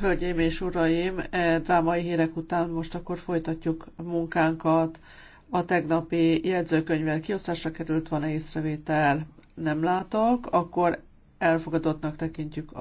Hölgyeim és uraim, e, drámai hírek után most akkor folytatjuk a munkánkat. A tegnapi jegyzőkönyvvel kiosztásra került, van-e észrevétel? Nem látok, akkor elfogadottnak tekintjük a